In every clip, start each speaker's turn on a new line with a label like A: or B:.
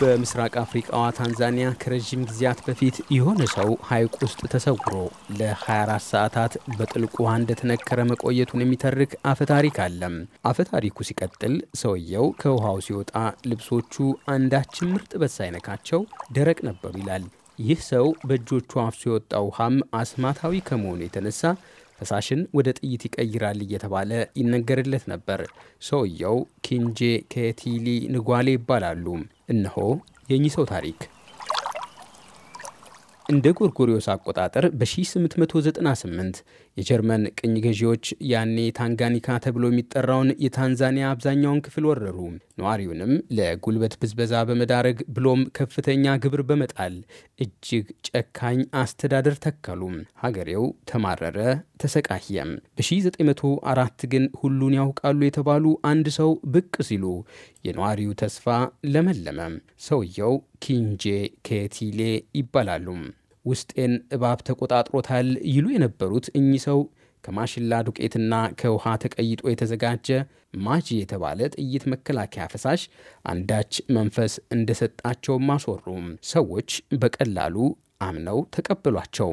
A: በምስራቅ አፍሪቃዋ ታንዛኒያ ከረዥም ጊዜያት በፊት የሆነ ሰው ሐይቅ ውስጥ ተሰውሮ ለ24 ሰዓታት በጥልቁ ውሃ እንደተነከረ መቆየቱን የሚተርክ አፈታሪክ አለም። አፈታሪኩ ሲቀጥል ሰውየው ከውሃው ሲወጣ ልብሶቹ አንዳችም እርጥበት ሳይነካቸው ደረቅ ነበሩ ይላል። ይህ ሰው በእጆቹ አፍሶ የወጣ ውሃም አስማታዊ ከመሆኑ የተነሳ ፈሳሽን ወደ ጥይት ይቀይራል እየተባለ ይነገርለት ነበር። ሰውየው ኪንጄ ኬቲሊ ንጓሌ ይባላሉ። እነሆ የኚህ ሰው ታሪክ። እንደ ጎርጎሪዮስ አቆጣጠር በ1898 የጀርመን ቅኝ ገዢዎች ያኔ ታንጋኒካ ተብሎ የሚጠራውን የታንዛኒያ አብዛኛውን ክፍል ወረሩ። ነዋሪውንም ለጉልበት ብዝበዛ በመዳረግ ብሎም ከፍተኛ ግብር በመጣል እጅግ ጨካኝ አስተዳደር ተከሉ። ሀገሬው ተማረረ፣ ተሰቃየም። በ1904 ግን ሁሉን ያውቃሉ የተባሉ አንድ ሰው ብቅ ሲሉ የነዋሪው ተስፋ ለመለመ። ሰውየው ኪንጄ ኬቲሌ ይባላሉ። ውስጤን እባብ ተቆጣጥሮታል ይሉ የነበሩት እኚህ ሰው ከማሽላ ዱቄትና ከውሃ ተቀይጦ የተዘጋጀ ማጂ የተባለ ጥይት መከላከያ ፈሳሽ አንዳች መንፈስ እንደሰጣቸውም አስወሩም። ሰዎች በቀላሉ አምነው ተቀብሏቸው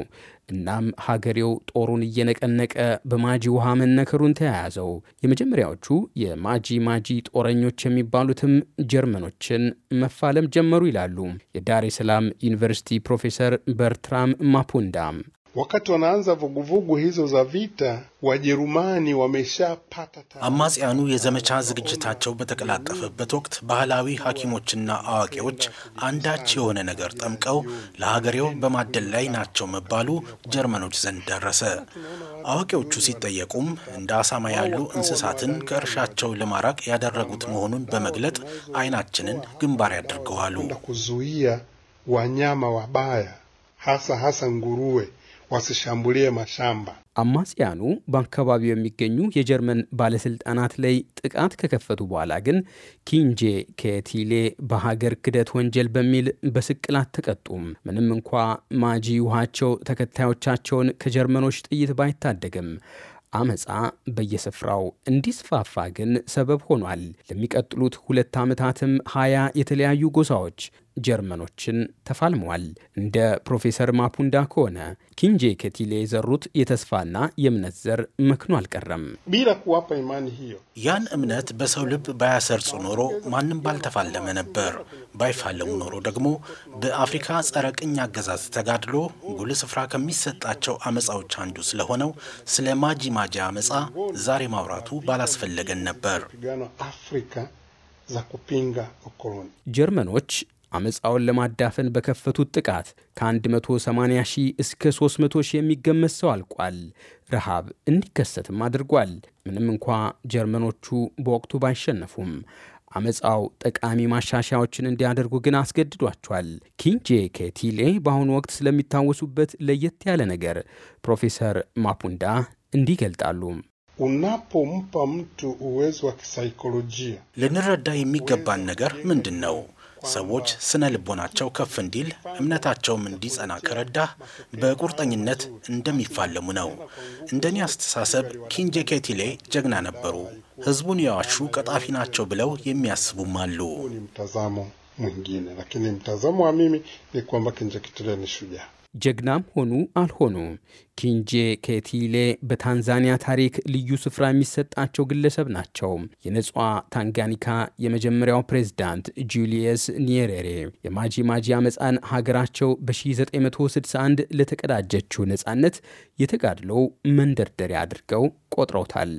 A: እናም ሀገሬው ጦሩን እየነቀነቀ በማጂ ውሃ መነከሩን ተያያዘው። የመጀመሪያዎቹ የማጂ ማጂ ጦረኞች የሚባሉትም ጀርመኖችን መፋለም ጀመሩ ይላሉ የዳሬ ሰላም ዩኒቨርሲቲ ፕሮፌሰር በርትራም ማፑንዳ።
B: Wakati wanaanza vuguvugu hizo za vita Wajerumani wameshapata
C: አማጽያኑ የዘመቻ ዝግጅታቸው በተቀላጠፈበት ወቅት ባህላዊ ሐኪሞችና አዋቂዎች አንዳች የሆነ ነገር ጠምቀው ለሀገሬው በማደል ላይ ናቸው መባሉ ጀርመኖች ዘንድ ደረሰ። አዋቂዎቹ ሲጠየቁም እንደ አሳማ ያሉ እንስሳትን ከእርሻቸው ለማራቅ ያደረጉት መሆኑን በመግለጥ አይናችንን ግንባር ያድርገዋሉ። kuzuia
B: wanyama wabaya hasa hasa nguruwe wasishambulie mashamba።
A: አማጽያኑ በአካባቢው የሚገኙ የጀርመን ባለሥልጣናት ላይ ጥቃት ከከፈቱ በኋላ ግን ኪንጄ ከቲሌ በሀገር ክደት ወንጀል በሚል በስቅላት ተቀጡም። ምንም እንኳ ማጂ ውሃቸው ተከታዮቻቸውን ከጀርመኖች ጥይት ባይታደግም አመፃ በየስፍራው እንዲስፋፋ ግን ሰበብ ሆኗል። ለሚቀጥሉት ሁለት ዓመታትም ሀያ የተለያዩ ጎሳዎች ጀርመኖችን ተፋልመዋል። እንደ ፕሮፌሰር ማፑንዳ ከሆነ ኪንጄ ኬቲሌ የዘሩት የተስፋና የእምነት ዘር መክኖ አልቀረም።
C: ያን እምነት በሰው ልብ ባያሰርጽ ኖሮ ማንም ባልተፋለመ ነበር። ባይፋለሙ ኖሮ ደግሞ በአፍሪካ ጸረ ቅኝ አገዛዝ ተጋድሎ ጉልህ ስፍራ ከሚሰጣቸው አመፃዎች አንዱ ስለሆነው ስለ ማጂ ማጂ አመፃ ዛሬ ማውራቱ ባላስፈለገን ነበር።
A: ጀርመኖች አመፃውን ለማዳፈን በከፈቱት ጥቃት ከ180 ሺህ እስከ 300 ሺህ የሚገመት ሰው አልቋል። ረሃብ እንዲከሰትም አድርጓል። ምንም እንኳ ጀርመኖቹ በወቅቱ ባይሸነፉም አመፃው ጠቃሚ ማሻሻያዎችን እንዲያደርጉ ግን አስገድዷቸዋል። ኪንጄ ኬቲሌ በአሁኑ ወቅት ስለሚታወሱበት ለየት ያለ ነገር ፕሮፌሰር ማፑንዳ እንዲህ ይገልጣሉ።
C: ልንረዳ የሚገባን ነገር ምንድን ነው? ሰዎች ስነ ልቦናቸው ከፍ እንዲል እምነታቸውም እንዲጸና ከረዳህ በቁርጠኝነት እንደሚፋለሙ ነው። እንደኔ አስተሳሰብ ኪንጄኬቲሌ ጀግና ነበሩ። ህዝቡን የዋሹ ቀጣፊ ናቸው ብለው የሚያስቡም አሉ። mwingine lakini mtazamo wa mimi
B: ni
A: ጀግናም ሆኑ አልሆኑ ኪንጄ ኬቲሌ በታንዛኒያ ታሪክ ልዩ ስፍራ የሚሰጣቸው ግለሰብ ናቸው። የነጿ ታንጋኒካ የመጀመሪያው ፕሬዝዳንት ጁሊየስ ኒየሬሬ የማጂ ማጂ አመፃን ሀገራቸው በ1961 ለተቀዳጀችው ነፃነት የተጋድለው መንደርደሪያ አድርገው ቆጥረውታል።